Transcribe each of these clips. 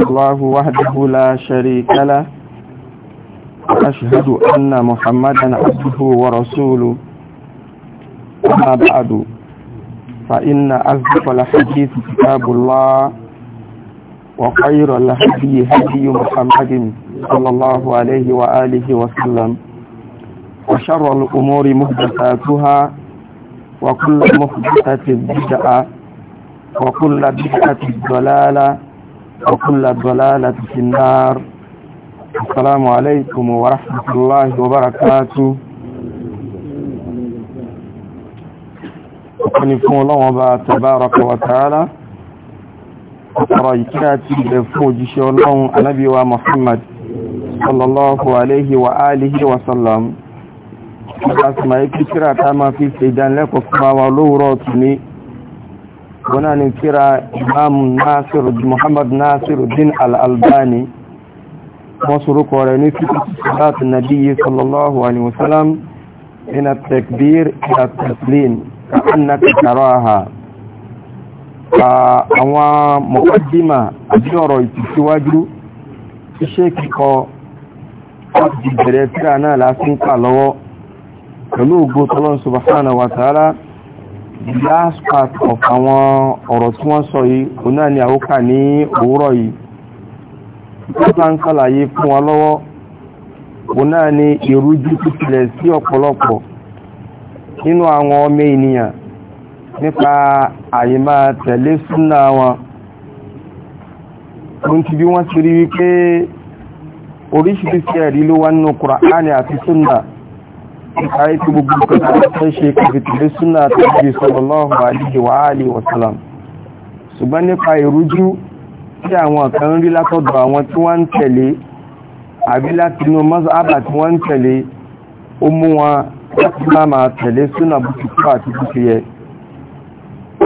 الله وحده لا شريك له أشهد أن محمدا عبده ورسوله أما بعد فإن أصدق الحديث كتاب الله وخير الهدي هدي محمد صلى الله عليه وآله وسلم وشر الأمور محدثاتها وكل محدثة بدعة وكل بدعة ضلالة وكل ضلالة في النار السلام عليكم ورحمة الله وبركاته ọ̀pọ̀nifún ọlọ́wọ́n bá tabaraka wa ta'ala ọ̀pọ̀rọ̀ ìkíra ti ilẹ̀ fún òjíṣẹ́ ọlọ́run anábíwa Muhammad sallallahu alaihi wa alihi wa sallam ọ̀pọ̀lọpọ̀ ìkíra ta ma fi ṣe ìdánilẹ́kọ̀ọ́ fún àwọn olóòrọ̀ tuni wọ́n náà ni kíra imam nasiru muhammad nasiru din al'albani wọ́n sorúkọ rẹ̀ ní fífàtí nàbí sallallahu alaihi wasallam من التكبير الى التسليم كأنك تراها àwọn mọ̀kọ́dímà àbí ọ̀rọ̀ ìtìsíwájú iṣẹ́ kíkọ ọdí bẹ̀rẹ̀ tíra náà lásìkà lọ́wọ́ pẹ̀lú ògbó tọ́lọ́n subhanahu wa ta'ala the last part of àwọn ọ̀rọ̀ tí wọ́n sọ yìí òun náà ni àwókà ní òwúrọ̀ yìí ń fún wa lọ́wọ́ òun náà ni ìrújú títílẹ̀ sí ọ̀pọ̀lọpọ̀ nínú àwọn ọmọ ènìyàn nípa àyímá tẹ̀lé súnà wọn ti bí wọ́n ti rí ayé tí gbogbo nǹkan tó ṣe kàfìtìlé súnà tó di sallallahu alaihi wa alihi wa sallam ṣùgbọ́n nípa ìrújú tí àwọn kan rí látọ̀dọ̀ àwọn tí wọ́n ń tẹ̀lé àbí láti inú mọ́sáàbà tí wọ́n ń tẹ̀lé ó mú wọn láti máa máa tẹ̀lé súnà bùkútù àti bùkú yẹ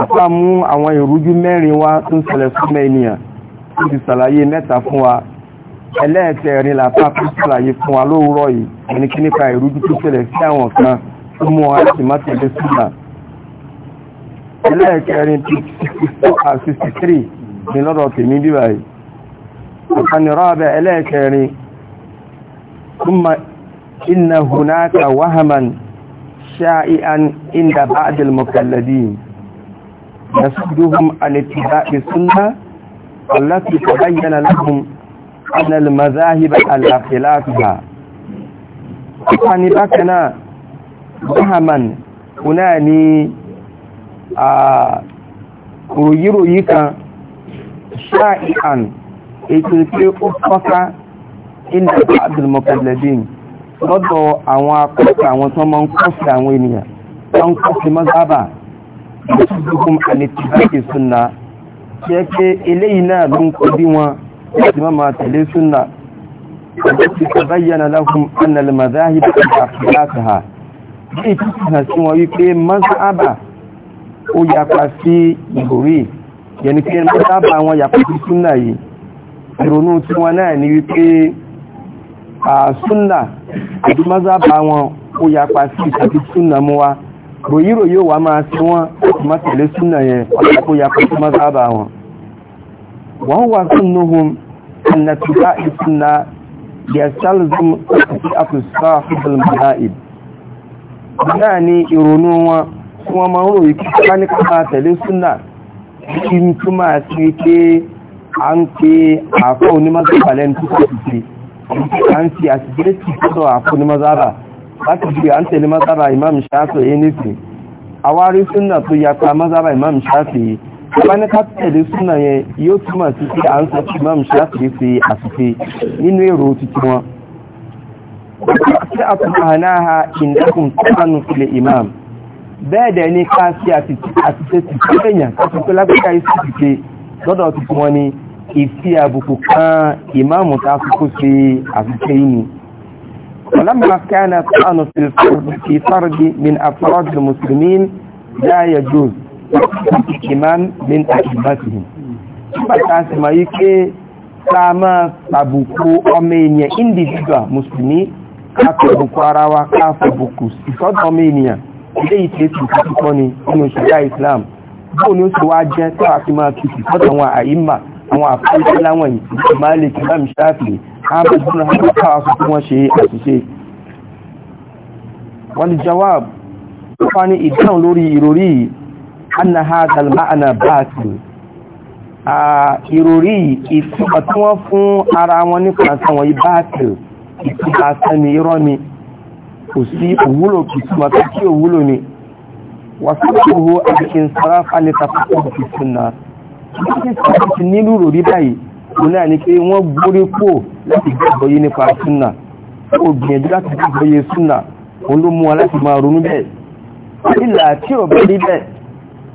ọ̀pá mú àwọn ìrújú mẹ́rin wá tó ń ṣẹlẹ̀ fún mẹ́ ènìyàn tó ti ṣàlàyé mẹ́ta fún wa ẹlẹ́ẹ̀kẹrin làpapọ̀ ṣàlàyé fún wa lóòrọ̀ yìí ẹni kí nípa ìrújú tó ṣẹlẹ̀ sí àwọn kan tó mú wa láti má tẹ̀lé súnà ẹlẹ́ẹ̀kẹrin tí 63 ní lọ́dọ̀ tèmi bíbà yìí ọ̀kanìrọ̀ abẹ́ ẹlẹ́ẹ̀kẹrin ثم إن هناك وهما شائعا عند بعض المكلدين يصدهم عن اتباع السنة التي تبين لهم أن المذاهب على خلافها يعني بكنا وهما هنا ني رؤيروي كان شائعا يتلقي أفقا عند بعض المكلفين lọ́dọ̀ àwọn akọ́kọ́ àwọn tó máa ń kọ́sí àwọn ènìyàn tó ń kọ́sí mọ́sábà tó dúkùn àlètìbákì súnna tí ẹ pé eléyìí láti má máa tẹ̀lé súnà àti tàbáyàna láhùn annal mazahib al-akhlasaha bí ìtìsí hàn sí wọn wípé mazaba ó yapa sí ìgòrí yẹni pé mazaba wọn yapa sí súnà yìí ìrònú tí wọn náà ni wípé súnà àti mazaba wọn ó yapa sí ìtàbí súnà mú wa ròyíròyí ò wá máa sí wọn láti má tẹ̀lé súnà yẹn ọ̀lá وهو ظنهم أن اتباع السنة يستلزم اتباع صاحب المذاهب يعني ìrònú wọn tí wọ́n máa ń rò ikú bá ní ká máa tẹ̀lé súnà kí n tó máa ti rí pé a ń pe àfọ́ onímọ̀sára lẹ́nu tó kọ́ sí pé a ń fi àtìgbé tí sọ́dọ̀ àfọ́ onímọ̀sára láti fi à ń tẹ̀lé mọ́sára ìmáàmù ṣáàtọ̀ yé nísìn àwárí súnà tó yapa mọ́sára ìmáàmù ṣáàtọ̀ yìí ìbáníká de súnà yẹn yóò túmọ̀ sí pé à ń sọ pé mọ́mù ṣáàtìrí fi àṣìṣe nínú èrò títí wọn tí a tún ànáha ìdákùn tánù ilẹ̀ imam bẹ́ẹ̀ dẹ̀ ní ká sí àṣìṣe ti kẹ́yàn tó pé lágbẹ́ká iṣẹ́ ìṣe lọ́dọ̀ títí wọn ni ìfi àbùkù kan ìmáàmù ta kúkú sí àṣìṣe yìí ni ولما كان الطعن في الفرد من أفراد المسلمين لا يجوز ìkìmán min àkìbátìhìn nígbàtà sì máa yí pé ká máa tàbùkù ọmọ ènìyàn individual mùsùlùmí ká tàbùkù ara wa ká fàbùkù ìsọ́dọ̀ ọmọ ènìyàn ilé ìtẹ́sì ìtàkùkọ́ ni nínú ìṣẹ̀dá Islam bóò ní ó sì wá jẹ́ tó àti máa tutù sọ́dọ̀ àwọn àyíma àwọn àfáìsẹ́ láwọn ìmáàlè kìlá mìṣáàfì àbájúmọ́ àpapàá fún wọ́n ṣe àṣìṣe wọ́n ni jawab wọ́n ni ìdáhùn lórí ìròrí yìí anna hadha al-ma'na batil a irori tí wọ́n fún ara wọn nípa sanwọ̀n yí batil ìtumọ̀ sani irọ́ ni kò sí òwúlò ìtumọ̀ tó kí òwúlò ni wàsíwáwò àdìkínsọ́rá fánitafọ́fọ́ ìtúnà láti sọ́rọ̀ nílù ròrí báyìí òun náà ni pé wọ́n gbórí pò láti gbàgbọ́ yé nípa súnà ó gbìyànjú láti gbàgbọ́ yé súnà òun ló mú wọn láti máa ronú bẹ́ẹ̀ nílà tí ò bá rí bẹ́ẹ̀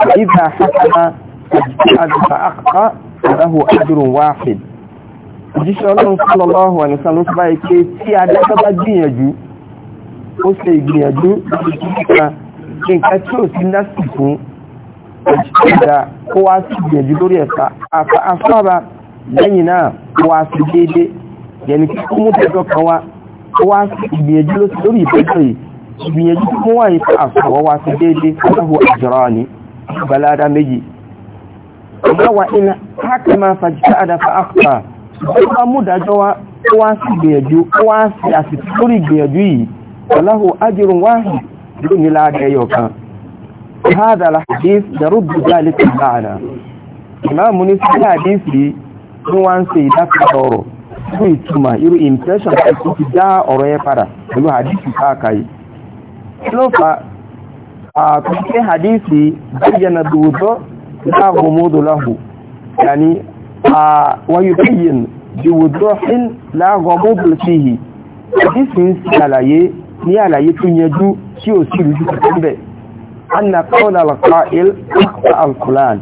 فإذا حكم اجتهد فأخطأ فله أجر واحد òjíṣẹ́ ọlọ́run sallallahu alaihi wasallam bá ike tí adájọ́ bá gbìyànjú ó ṣe ìgbìyànjú nípa nǹkan tí ó sí násì fún ìṣẹ́dá kó wá sí ìgbìyànjú lórí ẹ̀fà afọ́ba lẹ́yìn náà kó wá sí déédé yẹni kí kó mú tẹ́jọ́ kan wá kó wá sí ìgbìyànjú lórí ìbẹ́jọ́ yìí ìgbìyànjú tó wà yìí fún àfọwọ́ wá sí déédé fún àjọrọ̀ ni balada méjì wa ina hakama fajta'ada fa akhta wa mudajo wa wa sì gbìyànjú wa sì àsìkò lórí gbìyànjú yìí wahi, ajrun wahid ni la de yokan هذا الحديث يرد ذلك المعنى ìmáàmù ní sí àdífì ní wọ́n ń ṣe ìdákàtọ̀ ọ̀rọ̀ fún ìtumà irú impression tó ti dá ọ̀rọ̀ yẹn padà pẹ̀lú àdífì káàkiri ló a cikin hadisi bayyana dudu la gumudu lahu yani a wayubayyin biwuduhin la gumudu fihi hadisi ń sí àlàyé ní àlàyé tó yẹjú tí ó sì rújú kàtún bẹ̀ anna qawla al-qa'il akpa al-fulan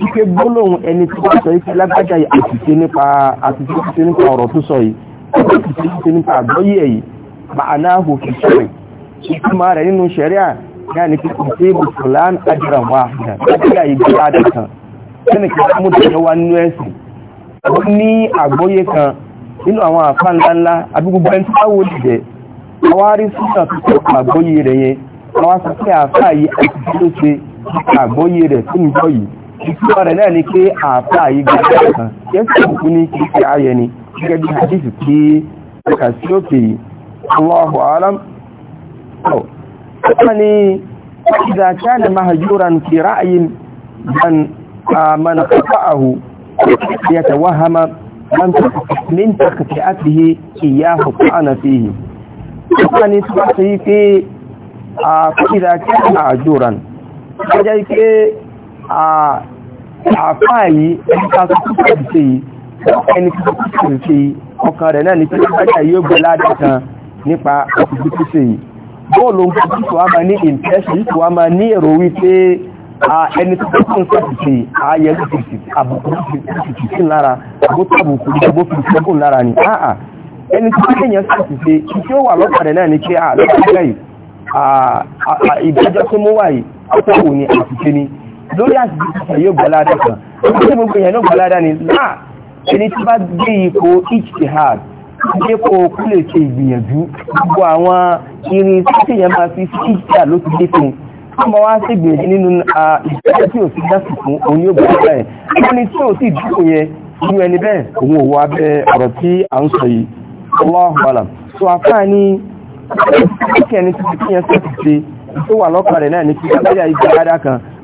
ipe gbólóhùn ẹni tó sọ ipe lágbájá àtìsí nípa àtìsí nípa ọ̀rọ̀ tó sọ yìí àtìsí nípa àgbọ́yé yìí ma'anahu fi rẹ̀ nínú sharia náà ni kíkù tí bùtùlán ajíran wá nígbà ìgbé àdìkan sínú kí mú tẹ̀lé wá nínú ẹ̀sìn ó ní àgbóyé kan nínú àwọn àfá ńláńlá àbígbogbo ẹni táwò dìde àwárí súnà tó kọ àgbóyé rẹ̀ yẹn àwọn sọ pé àfá yìí àti tí ó ṣe àgbóyé rẹ̀ tó ń bọ̀ yìí ìtumọ̀ rẹ̀ náà ni pé àfá yìí gbé àdìkan kí ẹ̀sìn òkú alam. Oh wani إذا كان مهجورا في رأي من من خطأه يتوهم من من تخطئته إياه طعن فيه يعني تبقي في إذا كان مهجورا فجأي في àfáàyí ẹ̀ka sọ́kùnkùn sí ẹni tí sọ́kùnkùn sí ọkàn rẹ̀ náà ní pé ó bá yóò gbọ́ kan nípa ọkùnkùn sí yìí bọ́ọ̀lù nǹkan tó wá máa ní ìntẹ́ṣì tó wá máa ní èrò wípé ẹni tó kún sẹ́sìtì ààyẹ àbùkù lára àbótàbùkù àbófin sẹ́kùn lára ni àà ẹni tó kéyàn sẹ́sìtì tí ó wà lọ́pàdẹ̀ náà ni pé àlọ́pàdẹ̀ ìdájọ́ tó mú wáyé àtọ́wò ni àtìké ni lórí àtìké yóò gbọ́ládà kan ẹni tí gbogbo èèyàn náà gbọ́ládà ni láà ẹni tí bá gbé ipò ijtihad dípò kú lè ṣe ìgbìyànjú gbogbo àwọn irin tí èèyàn máa fi sí ló ti dé fún un wọ́n wá sí ìgbìyànjú nínú ìgbésẹ̀ tí ò sí dásì fún òun yóò bẹ̀rẹ̀ bẹ́ẹ̀ wọ́n ní tí ò sì dúró yẹn irú ẹni bẹ́ẹ̀ òun ò wá bẹ ọ̀rọ̀ tí à ń sọ yìí ọlọ́ọ̀pàlà tó afáà ní kíkẹ́ni tí kí yẹn sọ́ọ̀tì ṣe tó wà lọ́kàn rẹ̀ náà ní kí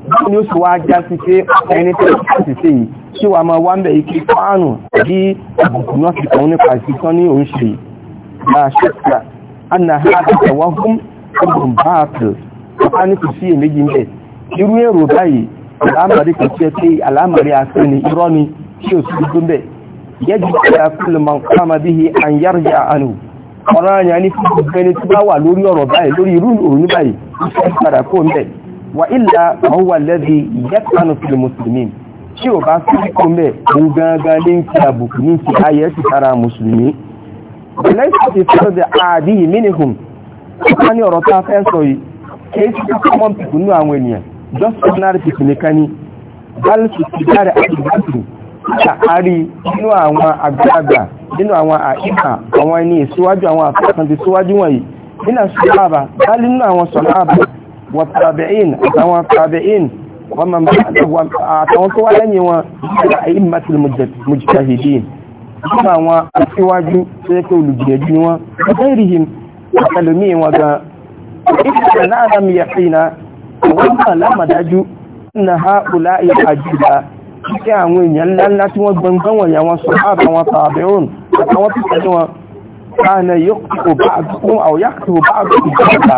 báwo ni ó sì wá já sí pé ẹni tó sì sí yìí kí wàá máa wá ń bẹ̀ ike páànù bí àbùkù náà ti kàn nípa ìsìnkán ní òun ṣe yìí máa ṣe kíra anna hada tawahum ibn baatil ọ̀ká ní kò sí èméjì ń bẹ̀ irú èrò báyìí alámàrí kò tiẹ̀ pé alámàrí àfẹ́ ni irọ́ ni tí ò sí gbogbo wà ilà àwọn wà lẹ́dí yẹ́kànù fún mùsùlùmí tí ò bá sí kó mẹ́ òun gangan ní ti àbùkù ní ti ayẹ́ ti tara mùsùlùmí lẹ́sìn ti fẹ́ de àdíyì mínihùn ọ̀ká ní ọ̀rọ̀ tá a fẹ́ sọ yìí kìí sí common people nú àwọn ènìyàn just ordinary people nìkan ni bálùsù ti dáre àdìgbàtù ṣàkárí nínú àwọn àgbààgbà nínú àwọn àìkà àwọn ẹni ìsíwájú àwọn àfẹ́kàn ti síwájú wọ̀nyí nínú sọ̀láàbà bá nínú والتابعين أتوا التابعين ومن بعدهم أتوا طوالين وأئمة المجتهدين كما السواج سيكون الجيجين وغيرهم وكلمين وغا إذا نعلم يقينا وما لم دجو أن هؤلاء الأجداء kí àwọn èèyàn ńláńlá tí wọ́n gbọmgbọ́n wọ̀nyà wọn sọ ààbà wọn tàbíhùn àtàwọn pípẹ̀ ní wọn káàna yóò kò bá àgbóhùn àwòyá kò bá àgbóhùn ìjọba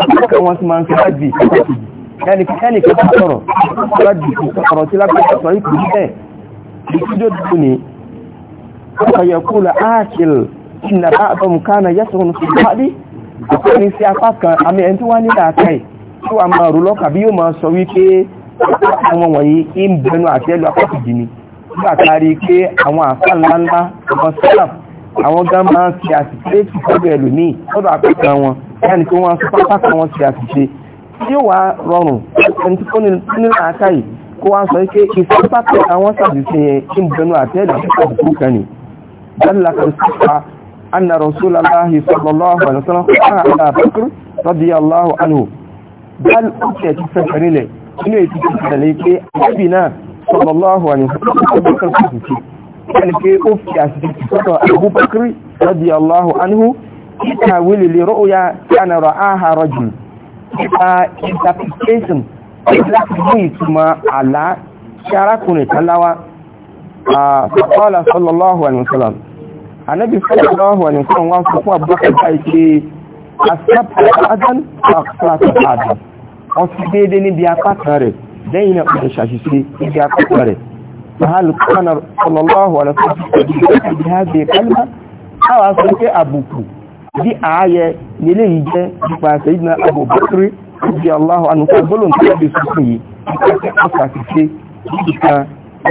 ọ̀pọ̀lọpọ̀ wọn sí máa ń fi láàjì ẹnìkan tó sọ̀rọ̀ láàjì ọ̀rọ̀ tí lápẹ́sọ̀ sọ ìpìlú tẹ̀ ìtújọ́ dùn ní ọ̀yẹ̀kúlẹ̀ áàkìl ìnà àbọ̀m kánà yẹ́sùn sí pàdé àkọrin sí apá kan àmì ẹni tí wá nílà àkàì tí wà máa rú lọ́kà bí yóò máa sọ wípé àwọn wọ̀nyí ń bẹnu àtẹ́lù apákìjì ni nígbà kárí pé àwọn àfà ńláńlá ní ọ̀dọ̀ àpẹẹkẹ wọn yáni kí wọ́n sọ pápákọ̀ wọn ti àṣìṣe tí ó wà rọrùn ẹni tí kò ní láàká yìí kó wá sọ pé ìsọpápẹ́ àwọn sàbìsí yẹn kí n bẹnu àtẹ́lẹ̀ àti ìkúkẹ́ ni dálàkà sípa anna rasulallahi sallallahu alaihi wasallam kọ́kọ́ àbábákúr radiyallahu anhu bal ọkẹ̀ ti sẹ́fẹ̀rí lẹ̀ inú ètò ti tẹ̀lé pé àbí náà sallallahu alaihi wasallam kọ́kọ́ àbábákúr radiyallahu anhu ìtàwílì lè rọ́ọ̀yà kánàrọ̀ áhà rọ́jù nípa interpretation láti mú ìtumọ̀ àlá tí arákùnrin kaláwá fọ́lá sallallahu alaihi wasallam anábi sallallahu alaihi wasallam wọ́n fún abúrúkà báyìí pé asápàá adam àkọ́sọ́ adam wọ́n fi déédé níbi apá kan rẹ̀ lẹ́yìn ọ̀dọ̀ ṣàṣìṣe níbi apá kan rẹ̀ mahal kánàrọ̀ sallallahu alaihi wasallam bí ààyẹ nílé yìí jẹ́ nípa Sayyidina Abu Bakr ibi aláhùn ànúkà gbọ́lọ̀ tó bí sọ́kùn yìí ọ̀sà àṣìṣe níbìkan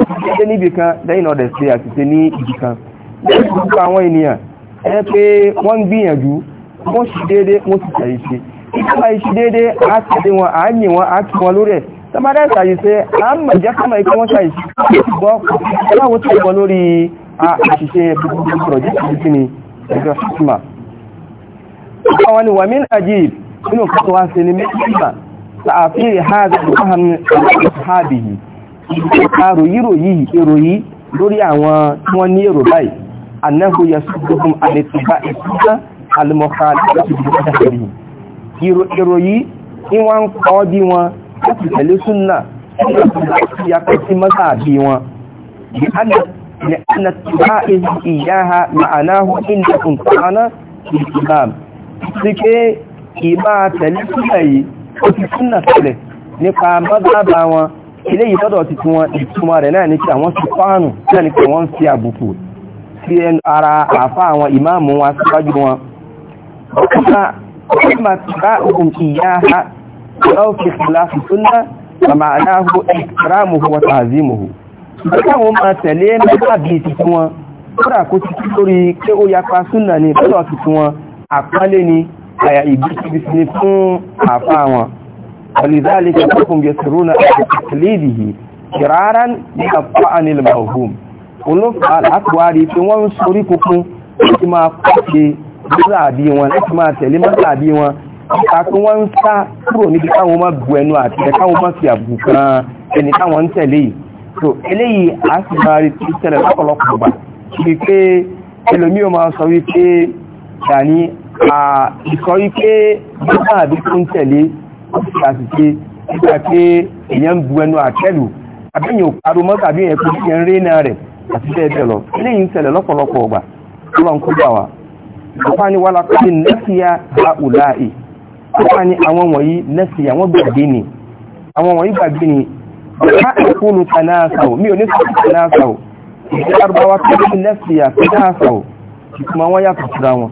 ọ̀sìṣẹ́ níbìkan lẹ́yìn ọ̀dẹ̀ sí àṣìṣe ní ibìkan lẹ́yìn gbogbo àwọn ènìyàn ẹ pé wọ́n ń gbìyànjú wọ́n sì déédé wọ́n sì ṣàyíṣe ìjọba ìṣe déédé á tẹ̀lé wọn á yìn wọn á kí wọn lórí ẹ̀ tọ́mọdé ṣàyíṣe á mọ̀ jẹ́ kọ́mọ̀ ikú wọ́n ṣàyíṣe ṣùgbọ́n ọlọ́wọ́ tó wọ lórí àṣìṣe gbogbo ọ̀rọ̀ jẹ́ ìṣẹ́ ní ẹgbẹ́ ṣùgbọ́n àwọn ni wàmín ajib inú kọ́tọ̀ wá sí ni mẹ́ta sàáfíì hajj muhammad alhabihi àròyírò yìí èrò yìí lórí àwọn tí wọ́n ní èrò báyìí annahu yasudduhum alitiba ìsúná almọ̀kàlẹ́sìdìbòdàkìrì èrò yìí ní wọ́n ń kọ́ dí wọn láti إن كنت أنا في الإمام sí pé ìbá tẹ̀lé sílẹ̀ yìí ó ti súnà tẹ̀lẹ̀ nípa mọ́gbàbà wọn ilé yìí tọ́dọ̀ ti tún wọn ìtumọ̀ rẹ̀ náà ní kí àwọn ti fáànù náà ní kí wọ́n ń fi àbùkù sí ara àfá àwọn ìmáàmù wọn síwájú wọn ọkùnká kó ti tún lórí pé ó yapa súnà ní tọ́dọ̀ ti wọn àpálẹ́ ni àyà ìbísibísí ni fún àfá wọn ولذلك فهم يسرون بتقليده فرارا من الطعن الموهوم ونفع الأكواري في وانصري كفو láti máa pàṣẹ mọ́sàbí wọn láti máa tẹ̀lé mọ́sàbí wọn ìtàkùn wọn ń sá kúrò níbi káwọn má bu ẹnu àti ẹ̀káwọn má fi àbù kan ẹni táwọn ń tẹ̀lé yìí so eléyìí a sì máa rí tí ṣẹlẹ̀ lọ́pọ̀lọpọ̀ gbà wípé ẹlòmíì máa sọ wípé dàní ìkọ́ wípé bíbá àbí tó ń tẹ̀lé àṣìṣe nígbà pé èèyàn ń bu ẹnu àtẹ́lù àbíyàn parọ́ mọ́ tàbí èèyàn kò fi ń rí náà rẹ̀ àti bẹ́ẹ̀ bẹ́ẹ̀ lọ eléyìí ń ṣẹlẹ̀ lọ́pọ̀lọpọ̀ ọgbà tó lọ ń kó bà wá ọ̀pá ni wàlá pé nẹ́fìyà bá òlà ì ọ̀pá ni àwọn wọ̀nyí nẹ́fìyà wọ́n gbàgbé ni àwọn wọ̀nyí yàtọ̀ síra wọn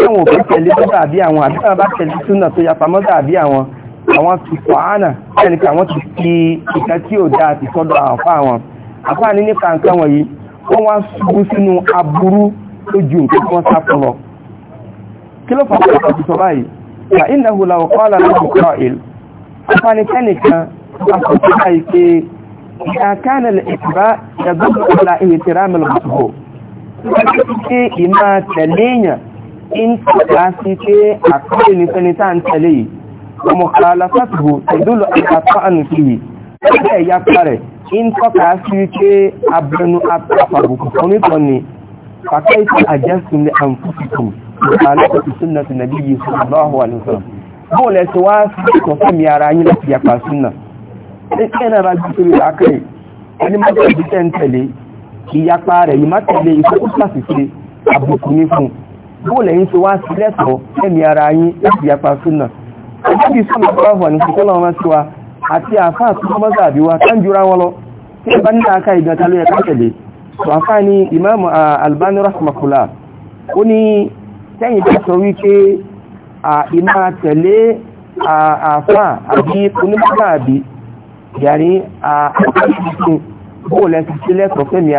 táwọn òfin tẹ̀lé bọ́dà àbí àwọn àbí táwọn bá tẹ̀lé súnà tó yapa mọ́dà àbí àwọn àwọn ti pọ̀ ánà ẹni pé àwọn ti fi ìka tí ò dáa ti sọ́dọ̀ àfá àwọn àfá ní nípa nǹkan wọ̀nyí wọ́n wá ṣubú sínú aburú tó ju nǹkan tí wọ́n sá fún lọ kí ló fà á ti sọ báyìí fa iná hula ọkọ lára ti kọ il àfá ní kẹ́nìkan wọ́n sọ sí báyìí pé ìkàkánà ìtìbá ẹgbẹ́ ìlà ìwé tìrámìlì bùtùbò ìmá tẹ̀léyàn ń tọ́ka sí pé àkọ́lé ní fẹ́ni tá ń tẹ̀lé yìí ọmọ kàálàfàtìbò tẹ̀dúlọ àpapọ̀ ànùfìyì ẹgbẹ́ ìyá parẹ̀ ń tọ́ka sí pé abẹnu àpapàbùkù kan nítọ́ ni fàkẹ́ẹ̀tì àjẹ́sùn ní àǹfùsùkùn ìpàlẹ́kọ̀tì súnà ti nàbí yìí fún aláwọ̀ àlùsọ̀rọ̀ bóò lẹ ti wá sí ìkọ̀fẹ́ mi ara yín láti yapa súnà ẹgbẹ́ náà bá gbé sórí àkẹ́rẹ́ ẹni má tẹ̀lé ìyapa rẹ̀ yìí má tẹ̀lé ìfọ́kúsàfífẹ́ àbùkù ní fún un bó lẹ́yìn tí wá sí lẹ́tọ̀ọ́ ẹ̀mí ara yín láti yapa súnà ọjọ́bí sọ́nà pọ́wọ́ ní ṣùkọ́ lọ́wọ́ sí wa àti àfáà tó mọ́ mọ́sàbí wa tán jura wọn lọ tí ẹ bá ní aka ìgbàta ló yẹ ká tẹ̀lé tó àfáà ní Imam Albani rahmakula ó ní sẹ́yìn tó sọ wípé ìmá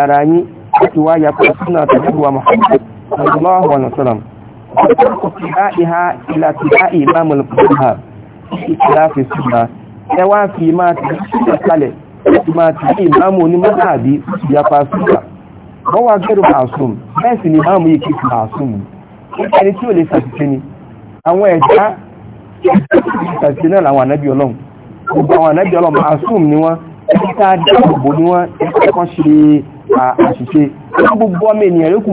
ara yín láti wá yapa súnà tàbí wa صلى الله عليه وسلم وترك اتباعها إلى اتباع إمام القرآن إخلاف السنة ẹwà fi máa ti ṣíkẹ̀ kalẹ̀ láti máa ti ní ìmáàmù onímọ́sàbí yapa síkà wọ́n wá gẹ́rù màásùm bẹ́ẹ̀ sì ni máàmù yìí kìí màásùm ẹni tí ó lè ṣàtìṣẹ́ ni àwọn ẹ̀dá ṣàtìṣẹ́ náà làwọn ànábì ọlọ́run gbogbo àwọn ànábì ọlọ́run màásùm ni wọ́n ẹni tá a dáàbò ni wọ́n ẹni tí wọ́n ṣe àṣìṣe gbogbo ọmọ ènìyàn ló kù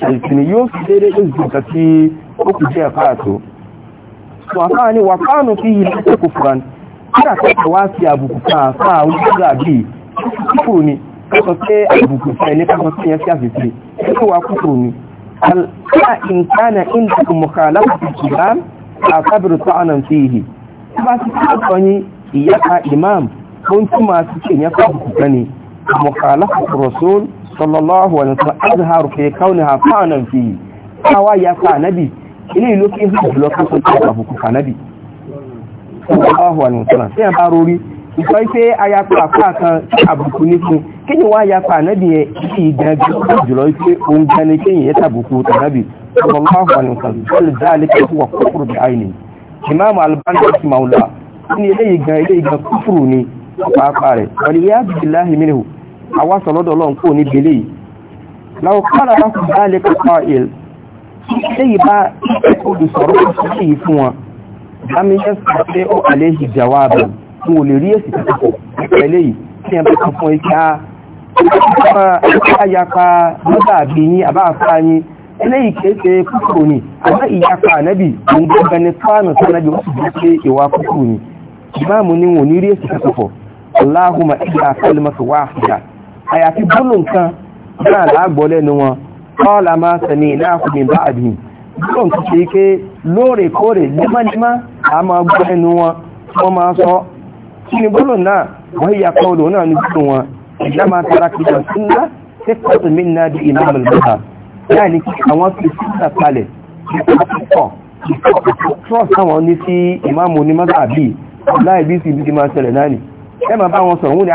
ṣàìsìnì yóò fi déédé tó ìgbìnkà tí ó kù jẹ́ ẹ̀ká àtò wàfáà ni wàfáànù fi yìí lọ́pọ̀ kò fúran kíra kẹ́kẹ́ wá sí àbùkù kan àfáà wíjọ́gbà bí kúrò ní kọ́sọ pé àbùkù fẹ́ ní kọ́sọ sí yẹn sí àfẹ́fẹ́ kí wà kúrò ní alá ìǹkanà ìǹdàkù mọ̀ká lápapọ̀ ìgbà àkábìrì tó ànà fi yìí tí bá kí ọ̀tọ̀ yín imam ó ń túmọ̀ sí kí ìyẹn fún àbùkù مخالفة الرسول صلى الله عليه وسلم أظهر في كونها فعلا فيه فهو يفع نبي إليه لك إذن بلوك سلطة فنبي صلى الله عليه وسلم سيما باروري ìsọ́ ipé ayapa àpá kan àbùkù ní fún kí ni wọ́n ayapa ànábì yẹn kí ìgbẹ́gbẹ́ jùlọ ipé ohun gani kí ìyẹn tàbùkù tànábì sallallahu alaihi wasallam sọ́lù dáàlẹ́kẹ́ fún ọkùnrin bí àìní imam albani ti maula ní ilé ìgbà ilé ìgbà kúfùrù ni ọ̀pá rẹ̀ wọ́n ni yá bìí àwásọ̀ lọ́dọ̀ Ọlọ́run kò ní belé yìí láwọn kára láti bá lè kọ́kọ́ il léyìí bá olùsọ̀rọ̀ sí yìí fún wọn dámíyẹ́ sàfẹ́ ó alẹ́ ìjàwá àbẹ̀ tí wọ́n lè rí èsì tàbí pẹ̀lẹ́ yìí tí ẹ bá kan fún ikẹ́ ayapa lọ́dà àbí yín àbáfá yín eléyìí kéèké kúkúrò ní àbá ìyapa ànábì òun gbọ́gbẹ́ ní fáànù Allahumma illa kalimatu wahida àyàfi bólú nǹkan náà láàgbọ́ lẹ́nu wọn kọ́ọ̀lá máa sẹ̀mí láàkùnmí bá àdìyàn bólú nǹkan ṣe pé lóòrèkóòrè lẹ́mọ́nímá a máa gbọ́ lẹ́nu wọn wọ́n máa sọ kí ni bólú náà wọ́n yà kọ́ọ̀lù náà ní bólú wọn ìjà máa tara kìtà sínú tẹ́kọ̀tù mí náà di ìmọ̀ àmàlùbọ́ta láì ní kí àwọn fi sílẹ̀ kalẹ̀ trust àwọn ní sí ìmáàmù onímọ́tàbí láì bí sí ibi ti máa ṣẹlẹ̀ náà ni ẹ máa bá wọn sọ̀rọ̀ wọn ni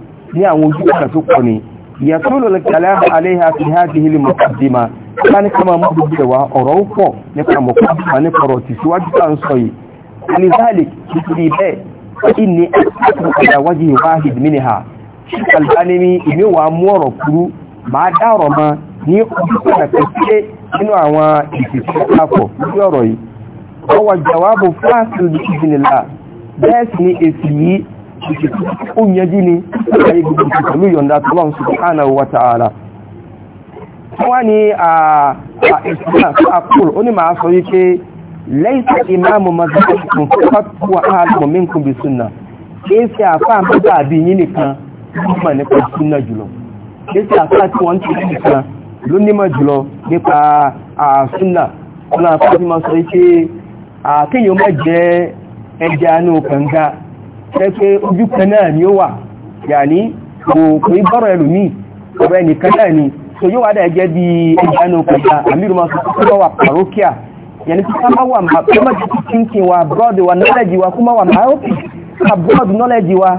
ní àwọn ojú ọ̀nà tó pọ̀ ni yàtúrò kàlámù aléhà fi hadhihi al-muqaddima bá ní kama mú gbogbo ẹ̀wà ọ̀rọ̀ ó pọ̀ nípa mọ̀kàdìmá nípa ọ̀rọ̀ tì síwájú tá ń sọ yìí alizalik nítorí bẹ́ẹ̀ wọ́n ní ala wajhi wahid minha albani mi ìmí wa mú ọ̀rọ̀ kúrú máa dá ọ̀rọ̀ mọ́ ní èsì yìí ó yẹjú ni ayé gbogbo pẹ̀lú yọ̀nda tọ́lọ́n subhanahu wa ta'ala wọ́n ni àpùl ó ní máa sọ wípé lẹ́yìnṣẹ́ ìmáàmù mazhabikun fọ́tùwà áàlùmọ̀ minkum bí súnà kéèsì àfá àmọ́ta àbí yìí nìkan mọ̀ nípa súnà jùlọ kéèsì àfá tí wọ́n ti nìkan ló nímọ̀ jùlọ nípa súnà ọ̀nà pẹ́pẹ́ ojú kan náà ni ó wà yàní kò í bọ́rọ̀ ẹlòmíì ọ̀rọ̀ ẹnìkan náà ni so yóò wádà jẹ́ bí ìjánu kọjá àmìrù máa wa broad wa knowledge wa kó má broad knowledge wa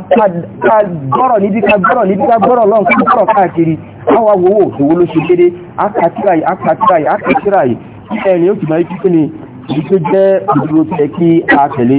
ká gbọ́rọ̀ níbi ká gbọ́rọ̀ níbi ká gbọ́rọ̀ lọ́n ká gbọ́rọ̀ káàkiri àwa wo wò òwò ló ṣe dédé akátírà yìí akátírà yìí akátírà ó kì máa yí kíkí ni èyí jẹ́ òdúró tẹ́ kí a tẹ̀lé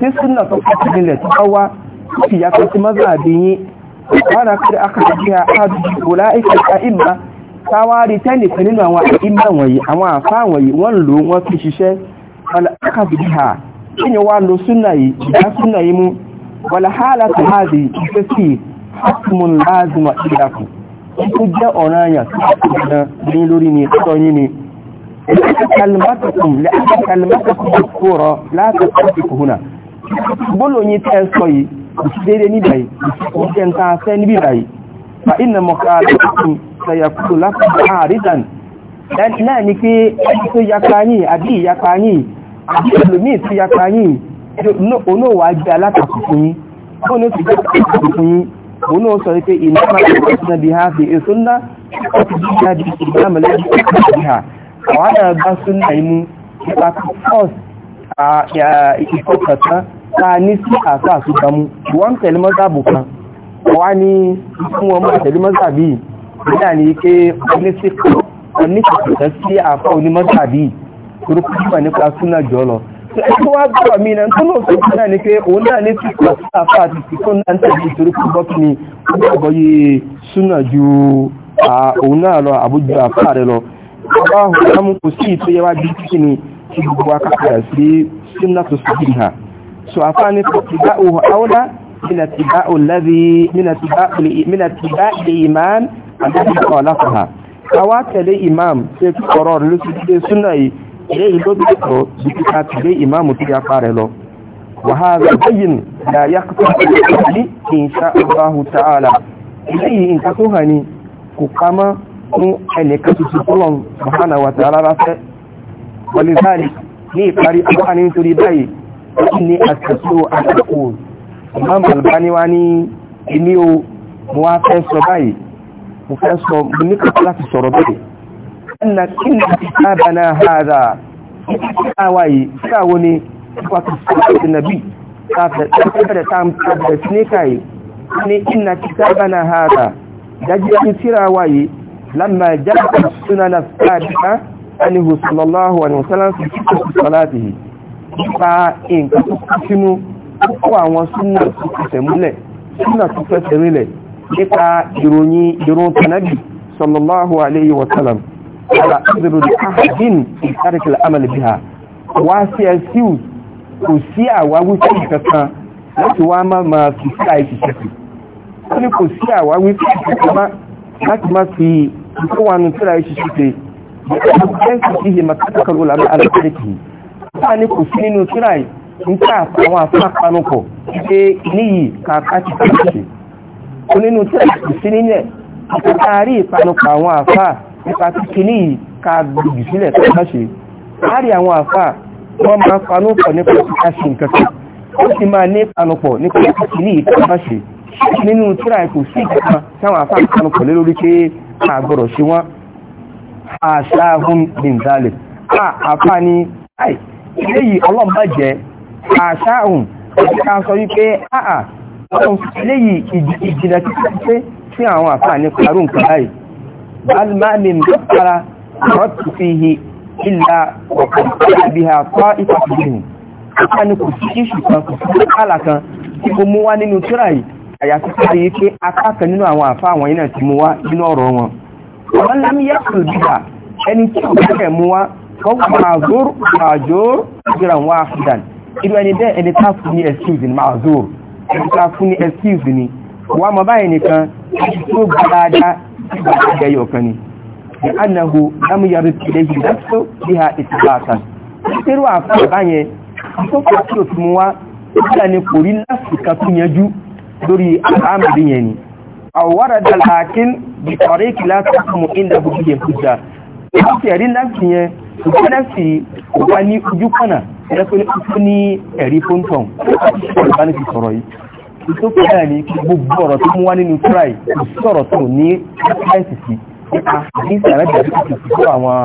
sai suna sun kasu gilda ta hawa su ya kasu maza biyi wana kada aka tafiya ahadu wula aikin ka'imma ta wari ta ne kanin wa imman wayi amma fa wayi wọn lo wọn fi wala aka bi ha kinye wa lo suna yi da suna yi mu wala hala ta hadi ita fi hasmun lazima idaku ita jẹ ọ̀ranyà ní lórí ni tọ́yí ni kalmatakum la kalmatakum kura la tasbiku huna gbólò yí tẹ́ sọ yìí ìṣẹ́dẹ́ níbà yìí ìṣẹ́ ta fẹ́ níbà yìí fa iná mọ̀ká lọ́kùn ṣayàkúrò láti àrídàn náà ni pé ẹni tó yapa yìí àbí ìyapa yìí àbí ẹlòmíì tó yapa yìí onóòwà jẹ́ alátakò fún yín ó ní ó ti jẹ́ alátakò fún yín òun náà sọ pé ìnáwó ìṣẹ́ bí ha fi èso ńlá ó ti jẹ́ ìdámọ̀lẹ́bí àwọn àgbà súnà inú ìpàkọ́ fọ́ọ̀sì ìfọkàntán tá a ní sí àṣà àṣùgbàmú wọ́n ń tẹ̀lé mọ́sàbù kan wá ní fún ọmọ tẹ̀lé mọ́sàbí nígbà ní pé oníṣẹ́kọ̀ọ́ sí àfọ́ onímọ́sàbí orúkú jùmọ̀ nípa súnà jọ lọ ẹ̀kọ́ wá gbọ́rọ̀ mi náà tó lò sí náà ni pé òun náà ní sí kọ̀ sí àfá àti ìsìnkú náà ń tẹ̀lé ìtorí kú bọ́kì ni ó gbọ́gbọ́ yé súnà ju òun náà lọ àbújọ àfá rẹ lọ ọba ọ̀hún kò sí ìtòyẹwà bí kíkì ni kí gbogbo wa kàkàrà sí sunnatu sahiha so àfáàní kò ti bá òhò áwọ́dá mínàtìbá ilé imam àdájọ́ ọ̀láfàá káwá tẹ̀lé imam tí kọ̀rọ̀ ló ti dé súnà yìí ilé ìlú bí kọ̀ bí kíkà tẹ̀lé imam tó yá parẹ́ وهذا بين لا يقتل إن شاء الله تعالى إليه إن تكهني كقام أن يكتب سبحانه وتعالى ولذلك ní ìparí ọwá ní nítorí báyìí ní àṣàṣò àṣàkò Imam Albani wá ní ilé o mo wá fẹ́ sọ báyìí mo fẹ́ sọ mo ní kàtà láti sọ̀rọ̀ bẹ́ẹ̀ ẹnà kí ní ìtàbà náà hàdà ìtàwà yìí síkàwó ni pàtó sọ́kàtì nàbí káfẹ́rẹ́ tá أنه صلى الله عليه وسلم في صلاته فإن تكون kó àwọn súnà tó fẹsẹ̀ múlẹ̀ súnà tó fẹsẹ̀ rílẹ̀ nípa ìròyìn ìrún tanabi sallallahu alayhi wa sallam ala azuru di ahadin ìtàríkìlá amal biha wá sí ẹsíù kò sí àwáwí sí ìkankan láti wá má ma fi sí àìsí ṣẹ́kù ó ní kò sí àwáwí sí ìkankan láti má fi ìkówanu sí àìsí fíhì màtàkàrò làmì alẹ́kẹ̀ẹ́kì wọ́n ní kò sí nínú tíra níta àwọn afápanupọ̀ ṣe níyì kàkà ti kàkàṣe kò nínú tíra kò sí nílẹ̀ àtàkárí ìpanupọ̀ àwọn afá nípa kíkì níyì ká gbìyànjú sílẹ̀ kàkàṣe láàrí àwọn afá wọ́n máa panupọ̀ nípa kàkàṣe nǹkan ó sì máa ní panupọ̀ nípa kíkì níyì kàkàṣe nínú tíra kò sí ìkàkà táwọn afá panupọ̀ lé lórí pé àgbọ̀rọ̀ ṣe wọ́n àṣáhùn bìntàlẹ̀ àfá ní àì ilé yìí ọlọ́mbà jẹ́ àṣáhùn ọ̀pọ̀ká sọ wípé àà ilé yìí ìjìnà títẹ́ sí àwọn àfá ní parú nǹkan báyìí balmami mọ́kàrá rọ́tù fi hi ilá ọ̀pọ̀ àyàfi káyé pé apá kan nínú àwọn àfá àwọn yìí náà ti mú wá nínú ọ̀rọ̀ wọn wọ́n lám yẹ́ kò dìgbà ẹni tí ó kẹ́kẹ́ mú wá kọ́kọ́ ma'azur ma'ajur jiran wá fidan irú ẹni bẹ́ẹ̀ ẹni tá fún ní excuse ni ma'azur ẹni tá fún ní excuse ni wà mọ̀ báyìí nìkan tí ó gbáadá tí ó gbáadá yọ̀ kan ni bí annahu lam yàrí tìlẹ́yìn lọ́sọ́ bí ha ìtìláàtàn tírú àfáà báyẹn tó fà tí ó fi mú wá ó dà ní kò rí láti kan tó yanjú lórí àbámọ̀ bí yẹn ni أو ورد الحاكم بطريق لا تحكم عنده به الحجة láti ẹ̀rí láti yẹn ìgbẹ́ láti wà ní ojú kọ́nà ẹ̀rẹ́kọ́ ní ọkọ́ ní ẹ̀rí fóntọ̀n ìbánisì sọ̀rọ̀ yìí tó pẹ̀lẹ̀ ní gbogbo ọ̀rọ̀ tó mú wá nínú try sọ̀rọ̀ ni ní ẹ̀sì sí ni ní sàrẹ́bẹ̀ àti ìfẹ́ àwọn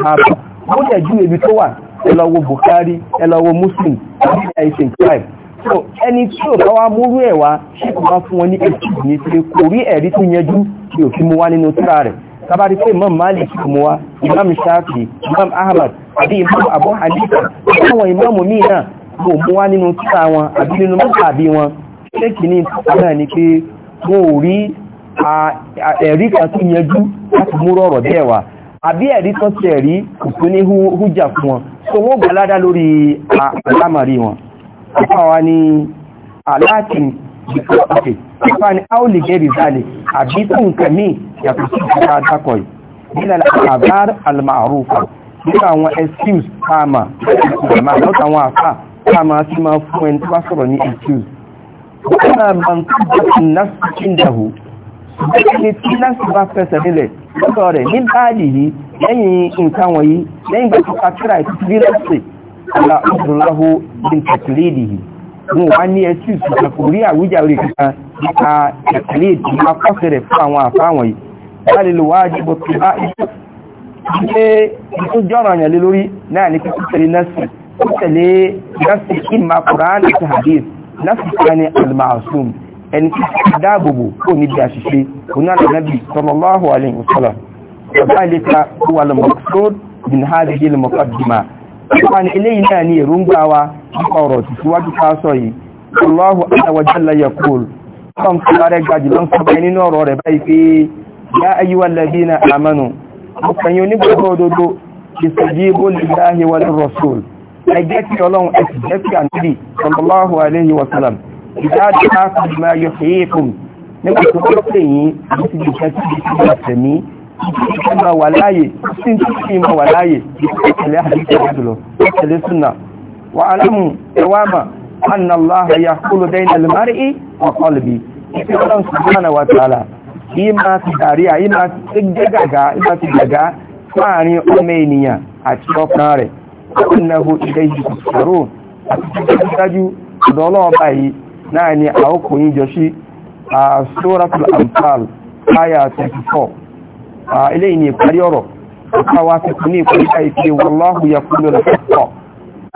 ṣáàbà ó dẹ̀ ju ebi tó wà ẹ lọ wo Bukhari ẹ lọ wo Muslim àti ẹ̀sìn tribe so ẹni tí ò bá wá múrú ẹ̀ wá ṣẹ́kù bá fún wọn ní ẹ̀sùn ní pé kò rí ẹ̀rí tó yanjú tí ò fi mú wá nínú tíra rẹ̀ tabari pé imam malik mú wá imam shafi imam ahmad àbí imam abu hanifa àwọn imam míì náà kò mú wá nínú tíra wọn àbí nínú mọ́ta àbí wọn ṣé kìíní náà ni pé wọn ò rí ẹ̀rí kan tó yanjú láti múrú ọ̀rọ̀ bẹ́ẹ̀ wá àbí ẹ̀rí tó ti ẹ̀rí kò tó ní hújà fún wọn so wọ́n gbà lórí àlámàrí wọn kafawa ni alatin bikafate kafa ni auli gari zane a bitan kame ya fi ta takwai nila al'abar al-ma'arufa nila àwọn excuse fama ma lọ́ta wọn afa fama sí ma fún ẹni tó bá sọ̀rọ̀ ní excuse wọ́n ma ń tó bá ti násì kíndàhù ní tí násì bá fẹsẹ̀ nílẹ̀ lọ́tọ̀ rẹ̀ ní báyìí lẹ́yìn nǹkan wọ̀nyí lẹ́yìn gbẹ́sọ̀ká tíra ìtìlẹ́sì ala ọdún lọ́hó bí tẹ̀kìléèdì yìí wọn wá ní ẹtí ìsìnkà kò rí àwíjàre kankan nípa tẹ̀kìléèdì máa kọ́sẹ̀ rẹ̀ fún àwọn àfáwọn yìí láti lò wáá jíbọ̀ tó bá ìjọ ṣe tó jọ́ràn yàn lé lórí náà ní kíkú tẹ̀lé nọ́ọ̀sì ó tẹ̀lé nọ́ọ̀sì ìmà kùránì àti hadith nọ́ọ̀sì kan ní almasum ẹni tí ó dáàbòbò kò níbi àṣìṣe sallallahu alaihi wasallam ọ̀bá ìlẹ́ta wà lọ́mọ́sọ́d bin hadhihi ìpàni eléyìí náà ni èròǹgbà wa nípa ọ̀rọ̀ tìsíwájú ká sọ yìí Allahu azza wa jalla yaqul kan kare gaji lon so bayi nínú ọ̀rọ̀ rẹ̀ báyìí pé ya ayyuhal ladina amanu kan yo ni gbogbo ìfẹ́ ma wà láàyè sí ìfẹ́ ma wà láàyè ìfẹ́kẹ̀lẹ́ àdíkẹ̀ jùlọ ìfẹ́kẹ̀lẹ́ súnà wà alámù ẹwàmà annallaha ya kúlù dẹ́yìn almar'i wa qalbi ìfẹ́ ọlọ́run subhanahu wa ta'ala ìmá ti dàríà ìmá ti gẹ́gàgá ìmá ti gàgá láàrin ọmọ ènìyàn àti ọkàn rẹ̀ innahu ilayhi tusharun àti dájú eléyìí ni ìparí ọ̀rọ̀ káwà fẹ́kù ní ìparí àìsí wọláhù ya kúrò lọ́pọ̀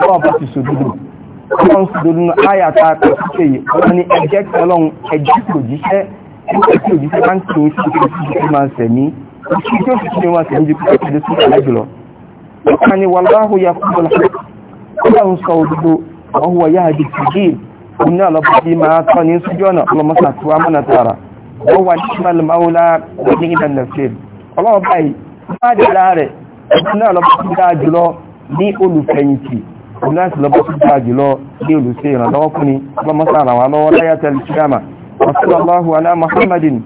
wọ́n bá ti sòdúdú wọ́n sòdúdú ayàta àtàkùnkè yìí wọ́n ní ẹjẹ́ tẹ́lọ́n ẹjẹ́ òjíṣẹ́ ẹjẹ́ tí òjíṣẹ́ bá ń tó sí ìpínlẹ̀ máa sẹ̀mí kí tí ó fi ṣe wọn sẹ̀mí ju pẹ̀lú sí ìpínlẹ̀ jùlọ wọ́n ní wọláhù ya kúrò lọ́pọ̀ wọ́n sọ òdúdú wọ́n wọ yá àjẹ́ tìjì ní ọlọ́pàá bí máa tọ́ ní sójú ọ̀nà ọlọ́mọ́sà tí wọ́n mọ́nà tààrà wọ́n wà ní ìmọ̀lẹ́máwọ́lá ní ìdánilẹ́sẹ̀rẹ̀ ọlọ́run báyìí bá dára rẹ̀ ọdún náà lọ́pọ̀ tó dáa jùlọ ní olùfẹ̀yìntì ọdún náà sì lọ́pọ̀ tó dáa jùlọ ní olùṣe ìrànlọ́wọ́ fún ni ọlọ́mọsá àràwà lọ́wọ́ láyá tẹ́lẹ̀ kíyàmà ọ̀sọ́lọ́láhù alá muhammadin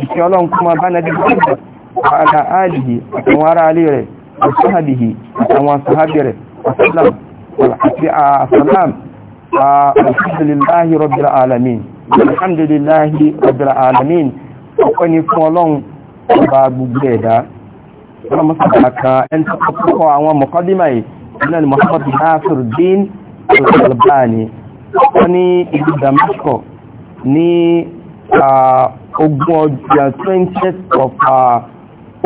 ìṣẹ́ ọlọ́run kúmọ bánadí gbọ́dọ̀ àlà áàdìhì àtàwọn ará alé rẹ̀ ọ̀sọ́hàdìhì àtàwọn ni fún ọlọ́run ọba gbogbo ẹ̀dá wọ́n mọ́ sàkàkà ẹn tó kọ́kọ́ àwọn mọ̀kọ́dímà ìlànà Muhammad Nasiruddin Al-Albani wọ́n ní ìlú Damascus ní ogún ọjà 20th of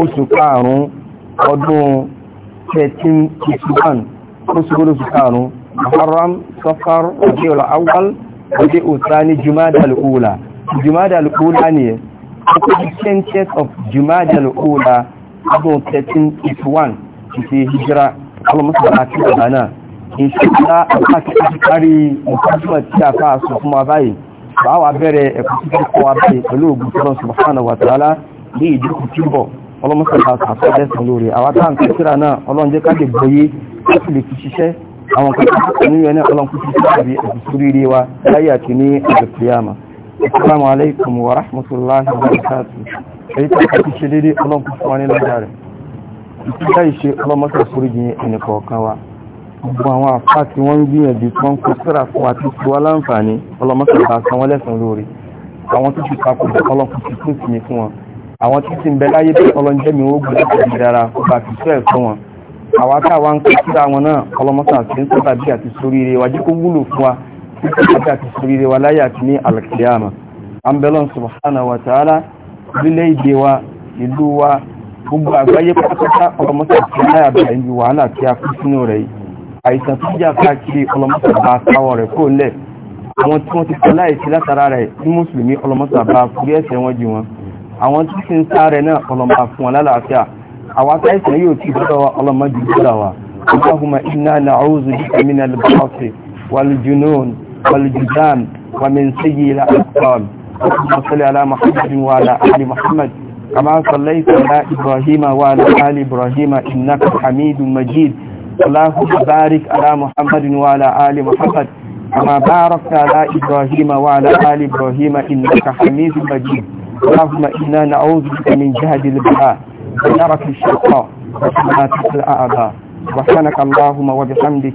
oṣù karùn-ún ọdún 1351 oṣù oṣù karùn-ún Muharram Safar Rabi'ul Awwal Rabi'u Thani Jumada al-Ula Jumada al-Ula nìyẹn after the 10th of Jumad al-Ula ọdún 1381 ìṣe hijira ọlọ́mọ́sọ̀rọ̀ àti ọ̀dánà ìṣẹ́lá àpáàkì àti kárí mọ̀kánjúmọ̀ tí a fà sọ fún abáyì báwà bẹ̀rẹ̀ ẹ̀kọ́ tí ó kọ́ abáyì pẹ̀lú ògùn tó lọ́n subhanahu wa ta'ala ní ìdíkù túbọ̀ ọlọ́mọ́sọ̀rọ̀ àfẹ́lẹ́sàn lórí àwátá nǹkan síra náà ọlọ́njẹ́ káàkiri gbọ́yé láti lè fi ṣiṣẹ́ àwọn kan tó kọ́ níyẹn náà ọlọ́nkú ti sí àbí ẹ̀kùsórí rí wa láyé àti ní àgbẹ̀kìyàmà Assalamu alaikum wa rahmatullahi wa barakatuh. Èyí tí a ṣe dédé ọlọ́pù fún wa ní lọ́jà rẹ̀. Ìtí láì ṣe ọlọ́mọ́sẹ̀ fúrújì ẹnì kọ̀ọ̀kan wa. Gbogbo àwọn àfá tí wọ́n ń gbìyànjú tó ń kó síra fún wa tí tí wá láǹfààní ọlọ́mọ́sẹ̀ bá san wọ́n lẹ́sàn lórí. Àwọn tó ti takò ọlọ́pù ti tún sí fún wọn. Àwọn tí ti ń bẹ láyé bí ọlọ́njẹ́mi ó gbé ìpínlẹ̀ àti sọ̀rọ̀ wa láyé àti ní alkiyama an belon subhanahu wa ta'ala ilé ìdè wa ìlú wa gbogbo àgbáyé pátápátá ọlọ́mọ́sà tí láyà bẹ̀rẹ̀ ní wàhálà tí a kú sínú rẹ̀ àìsàn tó àwọn tí wọ́n ti sọ láìsí látara rẹ̀ ní mùsùlùmí ọlọ́mọ́sà bá kúrí ẹ̀sẹ̀ wọn jù wọn àwọn tí sì ń sáré náà ọlọ́mọ́ fún wọn lálàáfíà yóò ti gbọ́dọ̀ ọlọ́mọ́ jù gbọ́dọ̀ wa اللهم إنا نعوذ بك من والجدان ومن سيء الأسقال اللهم صل على محمد وعلى آل محمد كما صليت على إبراهيم وعلى آل إبراهيم إنك حميد مجيد اللهم بارك على محمد وعلى آل محمد كما باركت على إبراهيم وعلى آل إبراهيم إنك حميد مجيد اللهم إنا نعوذ بك من جهد البلاء ونرك الشقاء وسماتك الأعداء سبحانك اللهم وبحمدك